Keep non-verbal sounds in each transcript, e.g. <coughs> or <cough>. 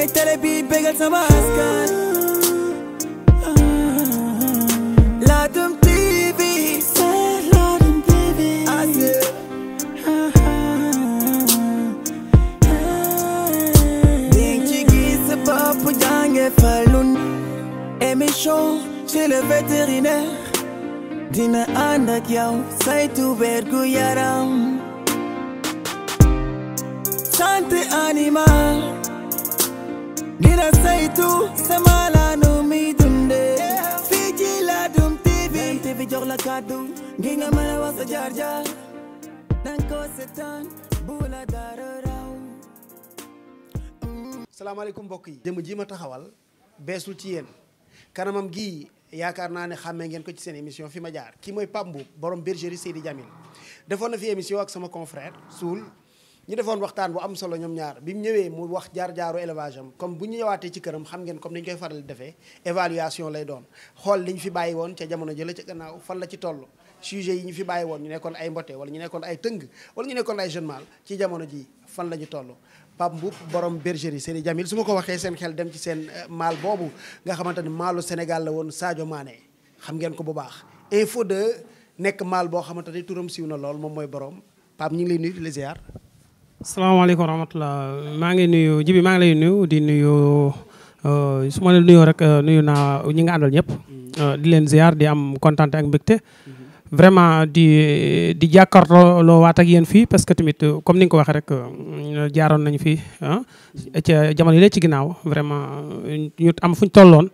may télé bi bégal sama askan Ladoum TV c'est Ladoum ding ci gis sa bopp jànge falun émission chez le vétérinaire dina ànd ak yow saytu wér gu yaram santé animal dina saytu sama laanu mi dunde fii ci Ladoum TV TV jox la kàddu ngi nga mën a wax sa jaar jaar danga ko bu la dara raw salaamaaleykum mbokk yi jëm ji ma taxawal beesul ci yéen kanamam gii yaakaar naa ne xàmmee ngeen ko ci seen émission fi ma jaar kii mooy Pape Mboup borom bergerie Seydi Djamil defoon na fi émission ak sama confrère Soul ñu defoon waxtaan bu am solo ñoom ñaar bi mu ñëwee mu wax jaar-jaaru élevage comme bu ñu ñëwaatee ci këram xam ngeen comme ni ñu koy faral di defee évaluation lay doon xool li ñu fi bàyyi woon ca jamono la ci gannaaw fan la ci toll sujet yi ñu fi bàyyi woon ñu nekkoon ay mbote wala ñu nekkoon ay tëng wala ñu nekkoon ay jeune mâle ci jamono ji fan la ñu toll Pape Mboup borom bergerie Seydi Djamil su ma ko waxee seen xel dem ci seen euh, maal nga xamante ni maalu Sénégal la woon Sadio Mané xam ngeen ko bu baax info de nekk maal boo xamante ni turam siiw na lool moom mooy borom Pape ñu ngi lay nuyu di salaamaaleykum wa rahmatulah maa ngi nuyu jibi maa ngi lay nuyu di nuyu euh, su ma la nuyoo rek euh, nuyu naa ñi nga àndal ñëpp. Euh, di leen ziar di am kontaan ak mbégte. vraiment di di jàkkaarloo waat ak yéen fii parce que tamit comme ni nga ko waxee rek jaaroon nañu fii ah. jamono yi la ci ginnaaw vraiment ñu am fuñ tolloon.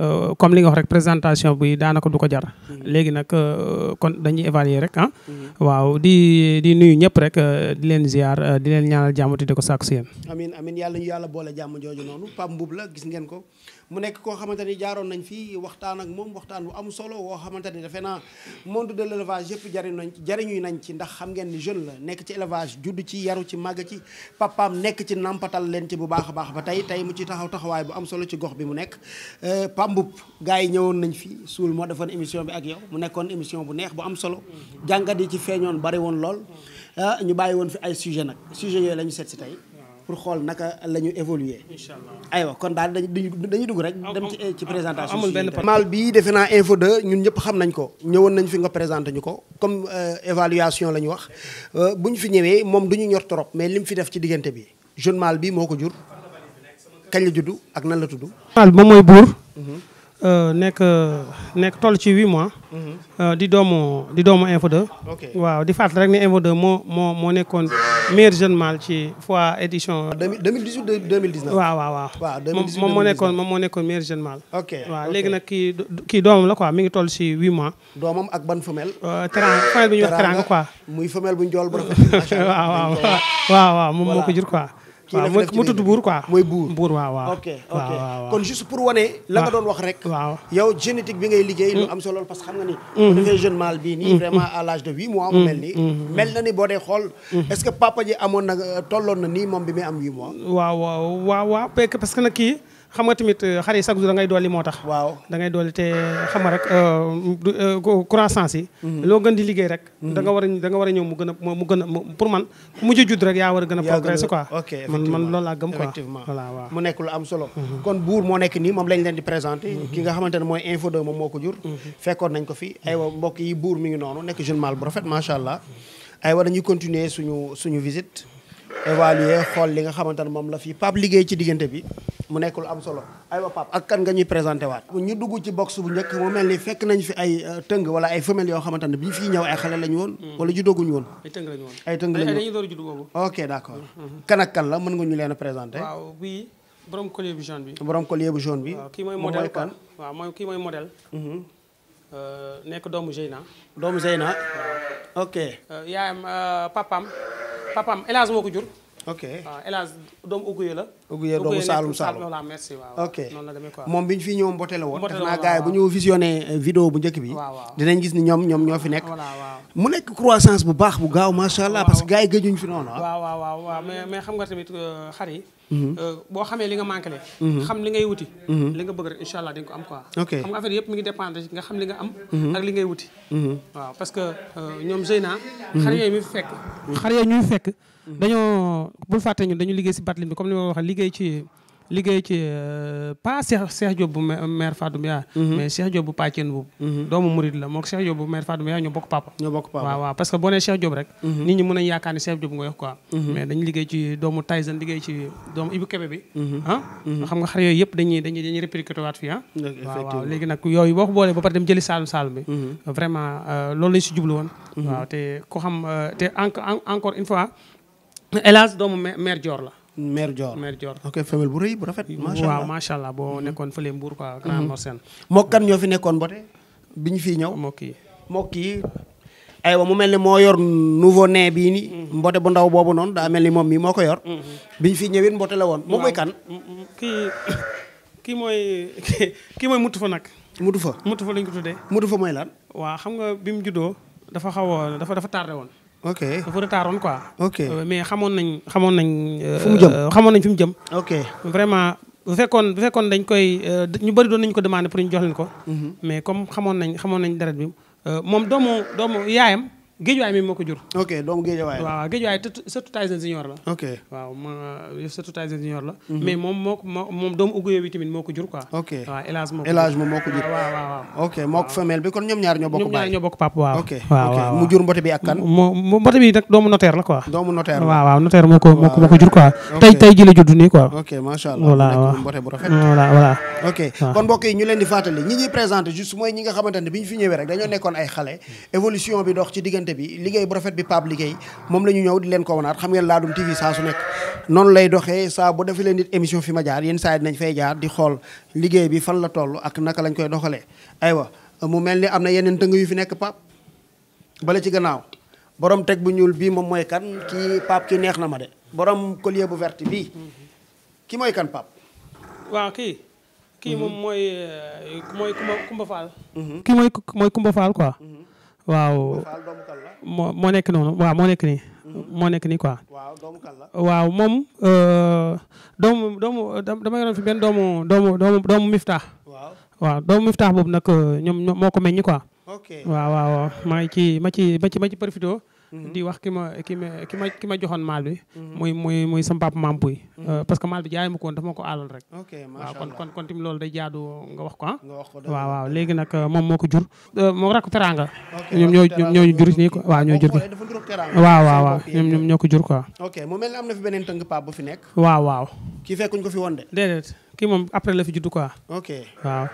Euh, comme li nga wax rek présentation bi daanaka du ko jar. Mm-hmm. léegi nag euh, kon dañuy évaluer rek ah. Mm-hmm. waaw di di nuyu ñëpp rek euh, di leen ziar di leen ñaanal jàmm di ko sàkku si yéen. amiin amiin yàlla ñu yàlla boole jàmm jooju noonu Pape Mboup la gis ngeen ko. mu nekk koo xamante ni jaaroon nañ fii waxtaan ak moom waxtaan bu am solo woo xamante ni defe naa monde de l' élevage yëpp jariñ nañ jariñuy nañ ci ndax xam ngeen ni jeune la nekk ci élevage judd ci yaru ci màgg ci papaam nekk ci nàmpatal leen ci bu baax a baax ba tey tey mu ci taxaw taxawaay bu am solo ci gox bi mu nekk euh, pambub gars yi ñëwoon nañ fii suul moo defoon émission bi ak yow mu nekkoon émission bu neex bu am solo jàngat yi ci feeñoon bari woon lool euh, ñu bàyyi woon fi ay sujet nag sujet la ñu seet si tey pour xool naka la ñu évoluer aywa kon daal dañuy dañuy dugg rek dem ci eh, ci présentation mal bi defe naa info 2 ñun ñëpp xam nañ ko ñëwoon nañ fi nga présenté ñu ko comme euh, évaluation la ñu wax euh, bu ñu fi ñëwee moom du ñu ñor trop mais li mu fi def ci diggante bi jeune mal bi moo ko jur kañ la juddu ak nan la tudd mal bi mooy buur mhm. Euh, nekk nekk toll ci huit mois. Mhm. Euh, di doomu di doomu Info waaw di fàttali rek ne Info moo moo moo nekkoon meilleur jeune ci fois édition. 2018 ah, 2019. waaw waaw moom moo nekkoon moom moo nekkoon meilleur jeune mâle. ok waaw léegi nag kii doomam la quoi mi ngi toll ci huit mois. doomam ak ban femelle. Euh, teranga femelle bu ñuy wax teranga quoi. muy femelle bu njool bu rafet. <laughs> macha waaw waaw waaw moom moo ko kii mu tudd buur quoi mooy buur buur waaw waaw. ok ok kon juste pour wane. la nga doon wax rek. waaw yow génétique bi ngay liggéey. lu mm. am solo parce que xam nga ni. Mm-hmm. bu defee jeune mâle bii nii. Mm-hmm. vraiment à l'âge de huit mois mu mel nii. Mm-hmm. mel na ni boo dee xool. est-ce que papa ji amoon na tolloon na nii moom bi muy am huit mois. waaw waaw waaw parce que nag kii. xam nga tamit euh, xar yi chaque jour da ngay dolli moo tax. waaw da ngay te xam nga rek euh, euh, croissance yi. Mhm. loo gën di liggéey rek. da mhm. war a da nga war a ñëw mu gën a mu gën a pour man mu ci judd rek war gën a progresser quoi. laa gëm quoi. effectivement voilà waaw mu nekk lu am solo. Mhm. kon buur moo nekk nii moom lañ leen di présenter. ki nga xamante ne mooy info 2 moom moo ko jur. fekkoon nañ ko fi aywa mbokk yi buur mi ngi noonu nekk jeune mâle bu rafet macha allah. aywa dañuy continuer suñu suñu visite évaluer xool li nga xamante ne moom la fi Pape liggéey ci diggante bi mu nekk lu am solo aywa Pape ak kan nga ñuy présenté waat ñu dugg ci box bu njëkk mu mel ni fekk nañ fi ay euh, tëng wala ay femelles yoo xamante ne bi ñu fiy ñëw ay xale lañu woon hmm. wala judooguñu woon ay tëng lañu woon ay tëng lañu woon dañuy door a juddu boobu ok d' accord hmm, hmm, kan ak kan la mën nga ñu leen a présenté waaw bii borom collier bu jaune bi borom collier bu jaune bi waaw kii mooy modèle kan waaw mooy kii mooy modèle euh, nekk doomu Zeyna doomu Zeyna ok euh, yaayam papam papam hélas moo ko jur ok waaw ah, El Hadj doomu Oguye la. Oguye doomu Saalum moom bi ñu fi ñëw mbote la woon. naa gars bu ñu visionné euh, vidéo bu njëkk bi. dinañ gis ni ñoom ñoom ñoo fi nekk. mu nekk croissance bu baax bu gaaw macha parce que gars yi fi noonu ah. waaw mais xam nga tamit euh, xar yi. Mhm. Euh, boo xamee li nga manqué leen. Mhm. xam li ngay wuti. Mhm. li nga bëgg rek incha allah di ko am quoi. ok xam nga affaire yëpp mi ngi dépendre que ñoom Zeyna. xar yooyu fekk. xar yooyu ñuy fekk Mm-hmm. dañoo bul fàtte ñun dañu liggéey si Batlin bi comme ni ma waxee liggéey ci liggéey ci euh, pas Cheikh Cheikh Diop bu maire Fatou Mbiya mm-hmm. mais Cheikh Diop bu Pàcceen boobu mm-hmm. doomu Mouride la moom Cheikh Diop bu maire Fatou Mbiya ñoo bokk papa ñoo bokk papa waaw parce que boo nee Cheikh Diop rek nit ñi mën nañ yaakaar ne Cheikh Diop nga wax quoi mais dañu ah? xam nga xar yooyu yëpp dañuy dañuy dañuy répercuté waat fii ah waaw waaw léegi nag yooyu boo ko boolee ba pare dem jëli Saalum Saalum bi vraiment euh, loolu lañ si jublu woon waaw te ko xam euh, te encore une fois Elhadj doomu mère Dior la. mère Dior mère Dior. ok femelle bu rëy bu rafet. macha allah waaw macha allah boo mhm. nekkoon fële Mbour quoi. Mhm. Grand Morsène. moo kan ñoo fi nekkoon ba bi ñu fiy ñëw. mbokk yi mbokk yi. aywa mu mel ni moo yor nouveau ne bii nii. Mhm. mbote bu boobu noonu daa mel ni moom mii moo ko yor. bi ñu fiy ñëwin mbote la woon. moom mooy kan. Mm, mm, mm. kii <coughs> kii mooy <coughs> kii mooy mutu fa nag. mutu fa mutu fa lañ ko tuddee. mutu fa mooy lan. waaw xam nga bi mu juddoo dafa xaw dafa dafa tardé woon. ok dafa retard woon quoi. ok euh, mais xamoon nañ xamoon nañ. Euh, fu mu jëm xamoon nañ fi mu jëm. ok vraiment bu fekkoon bu fekkoon dañ koy euh, ñu bëri doon nañu ko demandé pour ñu jox ko. Mhm. mais comme xamoon nañ xamoon nañ deret bi moom doomu doomu yaayam. géejuwaay mi moo ko jur. ok doomu géejuwaay la waaw géejuwaay sëtu Tyson Junior la. ok waaw ma sëtu Tyson Junior la. Mhm. mais moom moo ko moom doomu Oguye bi tamit moo bi kon doomu notaire la quoi. doomu notaire la moo ko jur quoi. tey tey ji la nii quoi. ok macha kon mbokk bi ñu fi ñëwee rek dañoo nekkoon ay xale hmm. évolution bi dox ci diggante qualité bi liggéey bu rafet bi Pape liggéey moom la ñu ñëw di leen ko wanaat xam ngeen Ladoum TV saa su nekk noonu lay doxee saa bu defee leen nit émission fi ma jaar yenn saa yi dinañ fay jaar di xool liggéey bi fan la toll ak naka lañ koy doxalee aywa mu mel ni am na yeneen tëng yu fi nekk Pape bala ci gannaaw borom teg bu ñuul bii moom mooy kan kii Pape ki neex na ma de borom collier bu vert bii ki mooy kan Pape waaw kii kii moom mhm. mooy euh, mooy Kumba Kumba Fall mhm. kii waaw moo moo nekk noonu waaw moo nekk nii mm-hmm. moo nekk nii quoi waaw moom euh, doomu doomu dama yoroon fi benn doomu doomu doomu doomu miftaax waaw doomu miftaax boobu nag euh, ñoom moo ko meññ quoi waaw waaw maa ngi ci ma ci ma ci ma ci profité di wax ki ma ki ma ki ma ki ma joxoon maal bi. Mhm. muy muy muy sama papa maam mhm. Pouy. Euh, parce que maal bi jaay ma ko woon dafa ma ko aalal rek. ok macha allah waaw kon kon kon tamit loolu day jaadu nga wax ko ah. waaw léegi nag euh, moom moo jur. Euh, moo rakk teraanga. ñoom jur nii quoi waaw ñoo jur ko. waaw waaw kii fekkuñ ko fi woon de. kii moom après la fi juddu quoi. ok waaw.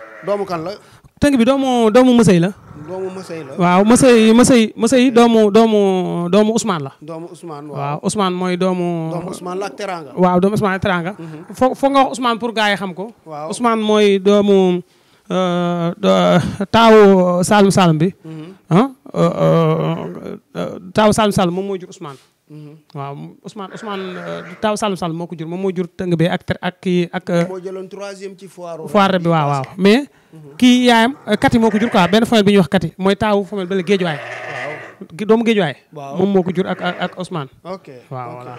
la. tënk bi doomu doomu Mësëy la. doomu Mësëy la waaw Mësëy Mësëy Mësëy doomu doomu doomu Ousmane la. doomu Ousmane waaw waaw mooy doomu. doomu Ousmane la ak Teranga. waaw mhm. nga wax Ousmane pour gars yi xam ko. waaw Ousmane mooy doomu euh, taawu Saalum Saalum bi. Mhm. Ah, euh, euh, taawu Saalum Saalum moom mooy jur Ousmane. waaw Ousmane Ousmane euh, taw Saloum Saloum moo ko jur moom moo jur tëng bi ak ak kii ak. Euh, moo jëloon ci foire. foire bi waaw waaw mais. kii yaayam euh, kati moo ko jur quoi benn famille bi ñuy wax kati mooy taawu famille bële géej waay. doomu géej waay. moom moo ko jur ak ak waaw voilà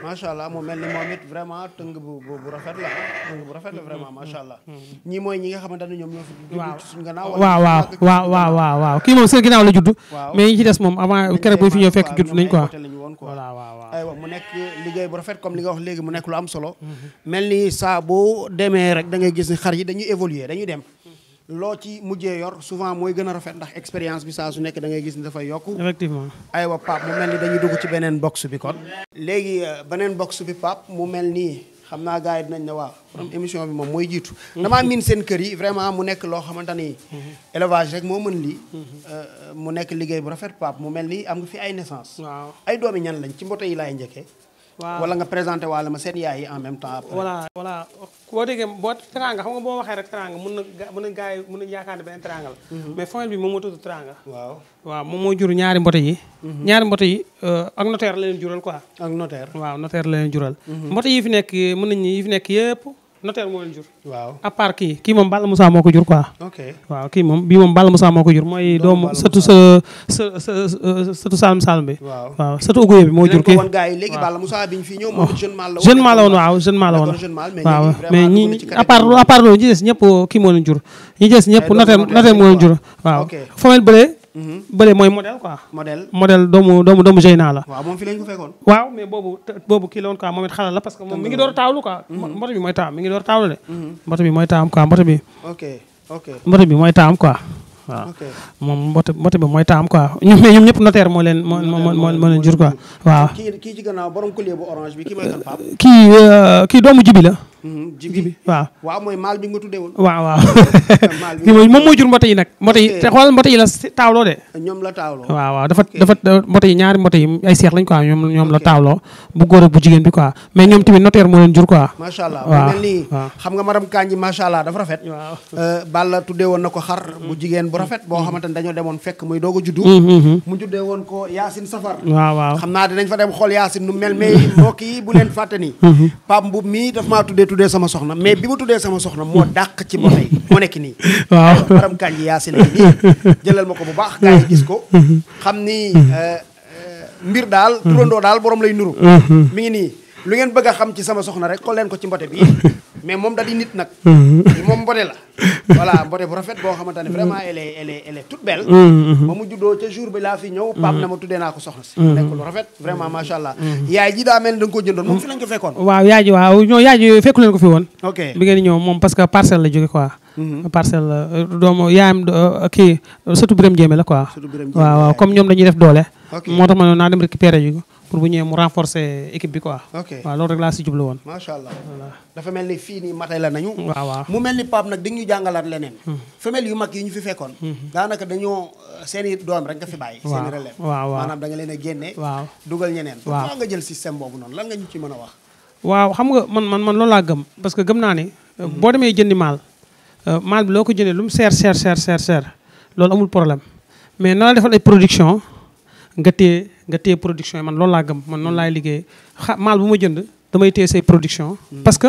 macha allah mu mel ni moom it vraiment tëng bu bu rafet la tëng bu rafet la ñii mooy ñi nga xamante ne ñoom ñoo fi. waaw judd suñu gannaaw waaw waaw waaw waaw waaw mais ñi des moom avant keroog bu fi ñëw fekk judd nañ quoi. voilà waaw mu nekk liggéey bu rafet comme li nga léegi mu nekk lu am solo. Mhm. mel ni saa demee rek da ngay gis ni xar yi dañuy évoluer dañuy dem. loo ci mujjee yor souvent mooy gën a rafet ndax expérience bi saa su nekk da ngay gis ni dafay yokk effectivement aywa Pape mu dañuy dugg ci beneen box bi kon léegi euh, beneen box bi Pape mu mel nii xam naa gars yi dinañ ne waa borom émission bi moom mooy jiitu damaa miin seen kër yi vraiment mu nekk loo xamante ni élevage rek moo mën lii euh, mu nekk liggéey bu rafet Pape mu mel ni am nga fi ay naissance ay doomi ñan lañ ci mbote yi laay njëkkee waaw wala nga présenté waale ma seen yaay yi en même temps après. voilà voilà boo déggee boo teraanga xam nga boo waxee rek teraanga mun na mun na yaakaar ne benn teraanga la. Mhm. mais famille bi moom moo tudd teraanga. waaw waaw moom moo jur ñaari mbote yi. Mhm. ñaari mbote yi euh, ak notaire la jural quoi. ak notaire waaw notaire la jural. Mhm. mbote yi fi nekk mën nañu yi fi nekk yëpp. notaire moo leen jur. waaw à part kii kii moom Balla Moussa moo ko jur kii mooy. doomu sëtu sa sa sa sëtu Saalum Saalum bi. bi moo jur kii. léegi Balla fi ñëw la. jeune mal la woon waaw jeune mal waaw mais ñi à part à part loolu ñi kii moo leen jur. ñi des ñëpp notaire moo leen jur waaw. ok fa bële mooy modèle quoi. modèle modèle doomu doomu doomu Zeyna la. waaw moom fi lañ ko fekkoon. waaw mais boobu boobu kii la woon quoi moom it xalal la parce que moom mi ngi door taawlu quoi. Mm-hmm. mooy taam mi ngi door mm-hmm. mooy taam quoi mboto mooy taam quoi. moom mbote mbote bi mooy taam quoi ñoom ñoom ñëpp notaire moo leen moo moo moo leen jur quoi waaw. kii kii ci gannaaw borom collier bu kii mooy kan Pape. Euh, doomu jibi la. Mhm, jibi waaw waaw mooy maal bi nga tuddee woon waaw waaw <laughs> <laughs> moom moo jur mbote yi nag mbote yi te xoolal mbote yi la taawloo de la taawloo waaw ñaari mbote yi ay seex lañ quoi ñoom ñoom la taawloo bu góor ak bu jigéen bi quoi mais ñoom tamit notaire moo leen jur quoi macha allah waaw lii ma nga madame Kanji macha allah dafa rafet waaw euh, Balla tuddee woon na ko xar bu jigéen bu rafet boo mm-hmm. xamante ne dañoo demoon fekk muy doog a juddu mm-hmm. mu juddee woon ko Yacine Safar waaw waaw xam naa dinañ fa dem xool Yacine nu me mais mbokk yi tuddee sama soxna mais bi mu tuddee sama soxna moo dàq ci moto yi moo nekk nii <laughs> waaw baram kànji yaa si nekk nii jëlal ma ko bu baax gaa yi gis ko <laughs> xam ni euh, euh, mbir daal turandoo daal borom lay nuru <laughs> mi ngi nii lu ngeen bëgg a xam ci sama soxna rek xool leen ko ci mbote bi <laughs> mais moom da di nit nag. Mhm. moom mbote la. <laughs> voilà mbote bu rafet boo xamante ne vraiment elle est elle est elle est belle. Mhm, mhm. ba mu juddoo ca jour bi laa fi ñëw. Pape na ma tuddee naa ko soxna si. nekk lu rafet vraiment macha allah. yaay ji daa mel ni da nga koo jëndoon moom fi fekkoon. waaw yaay ji waaw ñoo yaay ji fekku leen ko moom parce que parcelle la jóge quoi. parcelle euh, doomu yaayam euh, kii surtout Birame Jéeme la quoi. surtout waaw comme ñoom dañuy def doole. moo tax ma naa dem récupérer ji ko. pour bu ñëwee mu renforcer équipe bi quoi. ok waaw loolu rek laa si jublu woon. macha allah dafa mel ni fii nii matay la nañu. waaw waaw mu mel ni Pape nag dañu jàngalaat leneen. Hmm. femelle yu mag yi ñu fi fekkoon. Hmm. daanaka dañoo euh, seen i doom rek nga fi bàyyi. waaw seen i relève maanaam da nga leen waaw dugal ñeneen. waaw nga boobu noonu lan nga ñu ci mën a wax. waaw xam nga man man man loolu laa gëm parce que gëm naa ne. Euh, hmm. boo demee jëndi maal. Euh, maal bi loo ko jëndee lu mu seer seer seer loolu amul problème mais na la defal ay production nga téye nga téye production yi man loolu laa gëm man noonu laay hmm. liggéey xa maal bu ma jënd damay téye say production hmm. parce que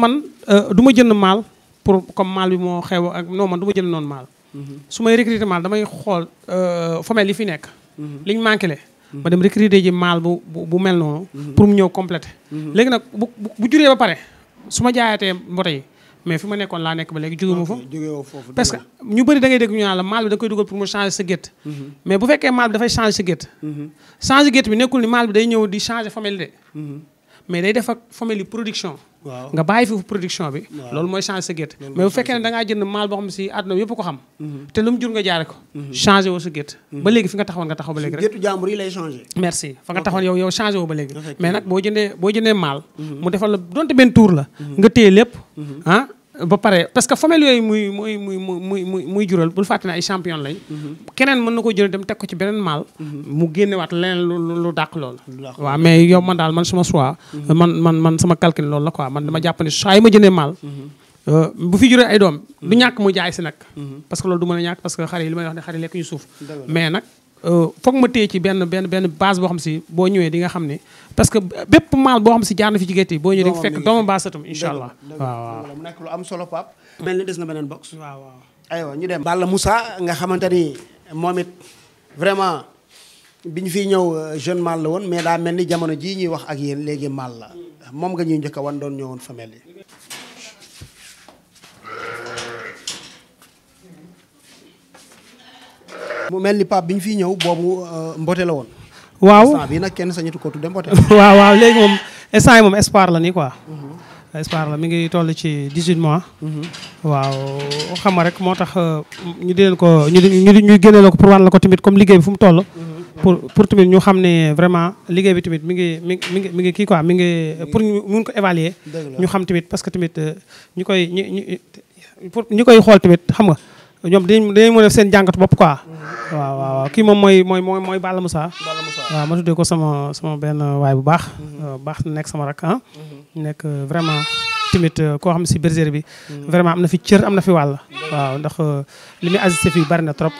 man euh, du ma jënd maal pour comme maal bi moo xew ak non man du ma jënd noonu maal hmm. su may recruter maal damay xool euh, femelle li fi nekk liñ manqué le ma dem recruter ji maal bu bu mel noonu pour mu ñëw complété léegi nag bu bu juree ba pare su ma jaayatee mbote yi mais fi ma nekkoon laa nekk ba léegi jóge ma fa parce que ñu bëri da ngay dégg ñu naan la maal bi da dugal pour mu changer sa gétt mhm. mais bu fekkee maal bi dafay changer sa gétt mhm. changer gétt bi nekkul ni maal bi day ñëw di changer femelle de mhm. mais day def ak femelle yi production nga bàyyi fi production bi loolu mooy changer sa gétt mais bu fekkee ne da ngaa jënd maal boo xam si àdduna yëpp ko xam mhm. te lu jur nga jaare ko mhm. changé wo sa gétt mhm. ba léegi fi nga taxawoon nga taxaw ba léegi rek géttu jàmbur yi lay changé merci fa nga taxawoon yow yow changé woo ba léegi mais nag boo jëndee boo jëndee maal mu defal la donte benn tour la nga téye lépp ah ba pare parce que femelle yooyu muy muy muy muy muy muy jural bul fàtte ne ay champion lañ. Mm-hmm. keneen mën na ko jël dem teg ko ci beneen maal. Mm-hmm. mu génnewaat leneen lu lu dàq loolu. waaw mais yow man daal man sama choix. Mm-hmm. man man man sama calcul la quoi man dama jàpp ne yi ma jëndee maal. Euh, bu fi juree ay doom. du ñàkk mu jaay si nag. parce que du mën a ñàkk parce que yi li may wax ne xar yi lekk ñu suuf. mais nag euh, foog ma téye ci benn benn benn base boo xam si boo ñëwee di nga xam ne. parce que bépp maal boo xam si jaar na fi ci gerte yi boo ñëwee fekk doomu baa satam incha allah waaw nekk lu am solo pap mel ni des na beneen box waaw waaw aywa ñu dem Balla Moussa nga xamante ni moom it vraiment bi ñu fi ñëw euh, jeune mal la woon mais daa mel ni jamono jii ñuy wax ak yéen léegi mal la moom nga ñuy njëkk a wan doon ñëwoon femelle yi mu mel ni pap bi ñu fiy ñëw boobu euh, mbote la woon waaw instant bii nag kenn sañatu ko tudde mbote. <laughs> waaw waaw léegi moom instant moom espoir la nii quoi. Mhm. espoir la mi ngi toll ci 18 mois. Mhm. waaw xam nga rek moo tax euh, ñu di leen ko ñu ñu ñuy la ko pour wan la ko tamit comme liggéey bi fu mu toll. Mhm, pour pour tamit ñu xam ne vraiment liggéey bi tamit mi ngi mi ngi mi ngi kii quoi mi ngi pour ñu mun ko évaluer. ñu xam tamit parce que tamit euh, ñu koy ñu ñu pour ñu koy xool tamit xam nga. ñoom dañuy dañuy mën def seen jàngatu bopp quoi. waaw kii moom mooy mooy mooy Balla Moussa. Balla Moussa ma tuddee ko sama sama benn waay bu baax. Mhm. baax na nekk sama rak ah. Mhm. nekk euh, vraiment tamit euh, koo xam ne si bergerie bi. Mhm. vraiment am na fi cër am na fi wàll. waaw ndax euh, li muy agissé fii bari na trop.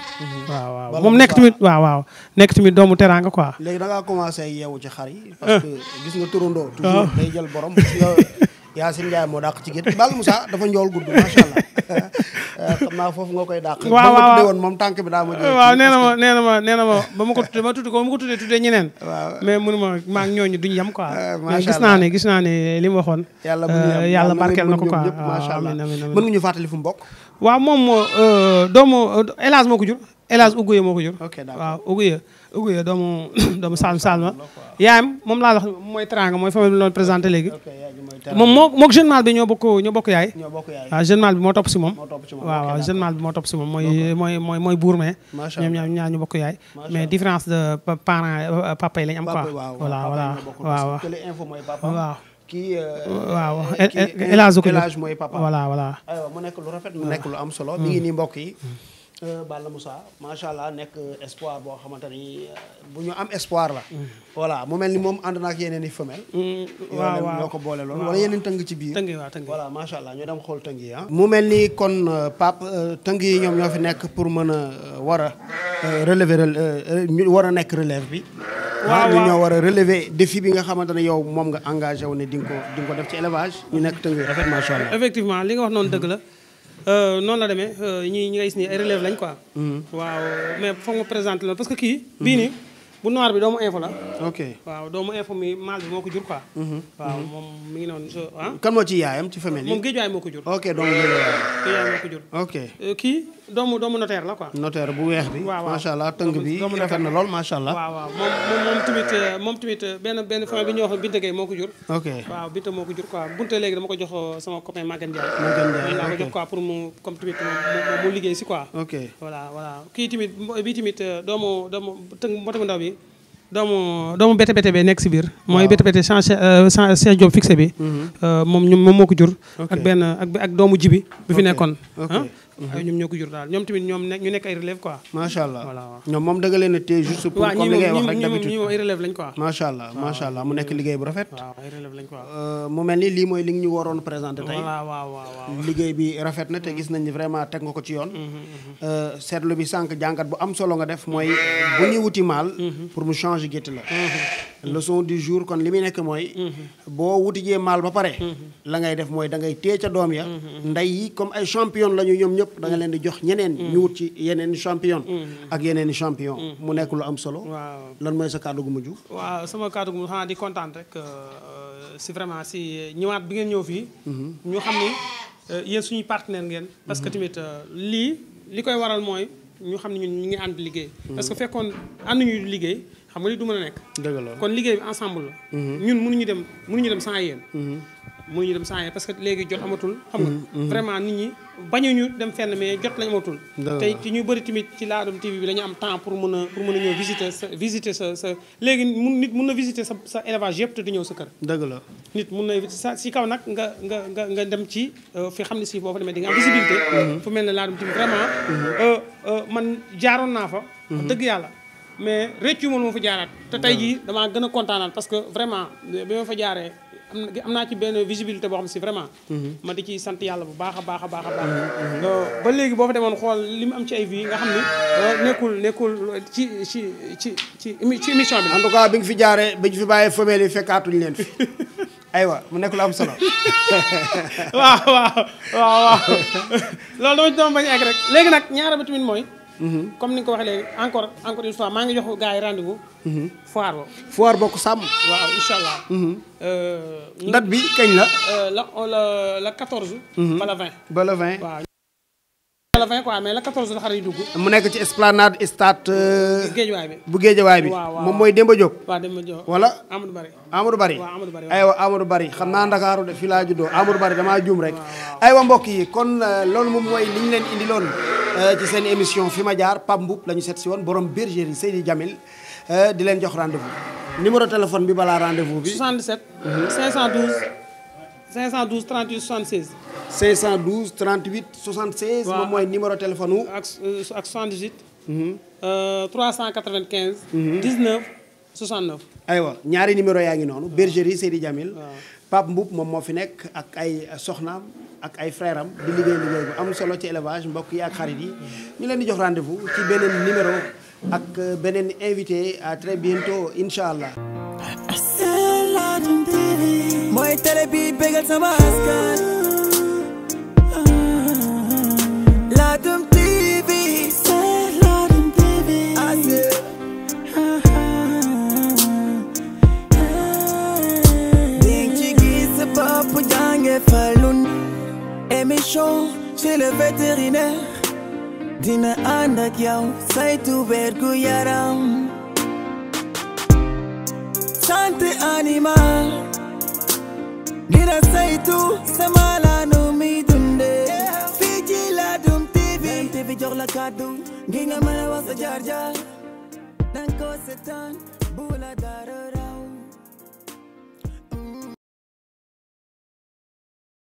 waaw waaw moom nekk tamit waaw waaw nekk tamit doomu teraanga quoi. léegi da commencé yeewu ci xar yi. Eh. parce que gis nga turandoo. toujours ah. day jël <laughs> <laughs> naa foofu nga koy dàq. waaw waaw ba woon bi daa ma jógee. waaw na ma nee na ma nee na ma ba ma ko tuddee ma tudd ko ba ko tuddee mais mënuma maa ñooñu duñ yam quoi. Eh, macha gis naa ne gis naa ne li mu waxoon. yàlla bu euh, ñu yàlla barkeel na ko quoi macha ah, allah mën nga ñu fàttali fu mu bokk. waaw moom euh, doomu euh, El Hadj moo ko Elhadj Uguye moo ko jur. ok d'accord waaw Uguye Uguye doomu <coughs> doomu Saalum Saalum yaayam moom laa wax mooy Teranga mooy famille bi loolu présenté léegi. moom moo moog jeune bi ñoo bokk ñoo bokk yaay. ñoo bokk yaay bi moo topp si moom. moo topp si moo topp si mooy mooy mooy mooy ñoom ñaar ñu bokk yaay. mais différence de parents euh, euh, papa yi lañ am. quoi voilà waaw waaw. kii euh, waaw Elhadj Uguye Elhadj mooy papa. voilà mu nekk lu rafet mu nekk lu am solo. mi hmm. ngi nii mbokk yi hmm. Balla Moussa macha allah nekk euh, espoir boo xamante ni euh, bu ñu am espoir la. Mm. voilà mu mel ni moom ànd naa ak yeneen i femelle. Mm, waaw waaw ñoo ko boole lool wala yeneen tëng ci biir. tëng yi waaw tëng yi voilà macha allah ñu dem xool tëng yi ah. mm. mel ni kon euh, Pape tëng yi ñoom ñoo fi nekk pour mën a war a relever ñu war a nekk relève bi. waaw ah, ñu ñoo war a relever défi bi nga xamante ne yow moom nga engagé wu ne di nga ko di nga ko def ci élevage. ñu nekk tëng yi rafet macha allah. effectivement li nga Euh, noonu la demee euh, ñi ñi ngay gis relève lañ quoi. Mm-hmm. waaw mais foog ma présenter la parce que kii. bii nii. bu noir bi doomu info la. ok waaw doomu info mi mâle bi moo ko jur quoi. Mhm. Mhm. moom mi ngi noonu ah. kan moo ci yaayam ci femelle moom géej moo ko jur. ok doomu géej euh, kii doomu doomu notaire la quoi. notaire bu weex bi. waaw waaw allah tëng bi rafet na lool macha allah. waaw waaw moom moom tamit euh, euh, benn benn femelle bi ñu Binta moo ko jur. ok waaw Binta moo ko jur quoi bunte léegi dama ko jox sama copain Maguette Ndiaye. Maguette Ndiaye ok ko jox quoi pour mu comme tamit mu liggéey si quoi. ok voilà voilà kii tamit bii tamit doomu doomu tëng mbootamu ndaw bi doomu doomu bete bete bee nekk si biir. mooy bete bete sans euh, Cheikh Diop fixé bi. Mm-hmm. Euh, moom ñun moom moo ko jur. ak benn ak doomu jibi bi fi nekkoon. Ah? ay ñoom ñoo ko jur daal ñoom tamit ñoom ñu nekk ay relève quoi macha allah voilà ñoom moom da a téye juste pour comme mu nekk liggéey bu rafet euh, mu mel ni lii mooy li nga ñu waroon présenté tey voilà waaw waaw liggéey bi rafet na te gis nañ vraiment teg nga ko ci yoon mm-hmm, mm-hmm. Euh, seetlu bi sànq jàngat bu am solo nga def mooy bu ñuy wuti maal mm-hmm. pour mu changer gétti la leçon du jour kon li muy nekk mooy. Mhm. boo wutijee maal ba pare. Mhm. la ngay def mooy dangay ngay téye ca doom ya. Mhm. nday yi comme ay champion la ñu ñoom ñëpp da nga leen di jox ñeneen. ñu wut ci yeneen champion. ak yeneen champion. mu nekk lu am solo. lan mooy sa kàddu gu mujj. waaw sama kàddu gu mujj xanaa di kontaan rek euh, euh, si vraiment si euh, ñëwaat bi ngeen ñëw fii. ñu xam ni yéen suñuy partenaire ngeen. parce que tamit lii li koy waral mooy ñu xam ni ñun ñu ngi ànd liggéey. parce fekkoon ànd liggéey. xam nga ni du mën a nekk. dëgg la kon liggéey bi ensemble la. Mhm. ñun munuñu dem mënuñu dem sans yéen. Mhm. mënuñu dem sans yéen parce que léegi jot amatul. xam mhm, vraiment nit ñi bañuñu dem fenn mais jot lañ amatul. tey ci ñu bëri tamit ci Ladoum TV bi dañu am temps pour mën a pour mën a ñëw visiter sa visiter sa sa léegi mun nit mun na visiter sa sa élevage yëpp te du ñëw sa kër. dëgg la nit mun na sa si kaw nag nga nga nga nga dem ci euh, fi xam ne si boo demee di nga am visibilité. fu mel ne laa TV vraiment. Euh, euh, man jaaroon naa fa. dëgg yàlla. mais rëccu ma ma fa jaaraat. te tey jii ah. damaa gën a kontaanaat parce que vraiment bi ma fa jaaree am naa ci benn visibilité boo xam si vraiment. Mhm. ma di ci sant yàlla bu baax a baax a baax a baax. Mhm, mhm. ba léegi boo fa demoon xool li mu am ci ay vues nga xam ni euh, nekkul nekkul ci ci ci ci ci émission bi. en tout cas bi nga fi jaaree ba ñu fi bàyyee femelle yi fekkaatuñ leen fi. <laughs> aywa mu nekk lu am solo. <laughs> waaw waaw waaw waaw <laughs> loolu dama ci doon bañ a egg rek léegi nag ñaara bi tamit mooy. Mm-hmm. comme ni nga ko waxee léegi encore encore une maa ngi jox gars yi rendez-vous. Mm-hmm. foire ba. foire bokk sàmm. waaw incha allah. Mm-hmm. Euh, date bi kañ la. Euh, la euh, la la quatorze. ba la vingt. ba la vingt waaw. ba la vingt quoi quatorze la xar yi dugg. mu nekk ci esplanade stade. bu géejawaay bi bu géejawaay bi. moom mooy dem Diop. waaw Demba Diop wala. Amadou Bari Amadou Bari. waaw Amadou Bari aywa Bari xam naa Ndakaaru de fii laa juddoo Amadou Bari damaa juum rek. aywa mbokk yi kon loolu moom mooy li leen indi Euh, ci seen émission fi ma jaar Pape Mboup la ñu seet si woon borom bergerie Seydi Djamil euh, di leen jox rendez-vous numéro bi balaa rendez-vous bi. 77. 512. 512 38 76. 512 38 76. waaw moom mooy numéro téléphone wu. ak euh, ak 78. 395. 19 69. aywa ñaari numéro yaa ngi noonu bergerie Seydi Djamil. waaw Pape moom moo fi nekk ak ay soxnaam. ak ay frères am di liggéey liggéey bu am solo ci élevage mbokk yi ak yi ñu leen di jox rendez-vous ci beneen numéro ak euh, beneen invité à très bientôt incha allah. chez le vétérinaire dina ànd ak saytu wergu yaram santé animal dina saytu sama la nu mi dunde fii ci Ladoum TV TV la kàddu ngi nga mën a wax sa jaar jaar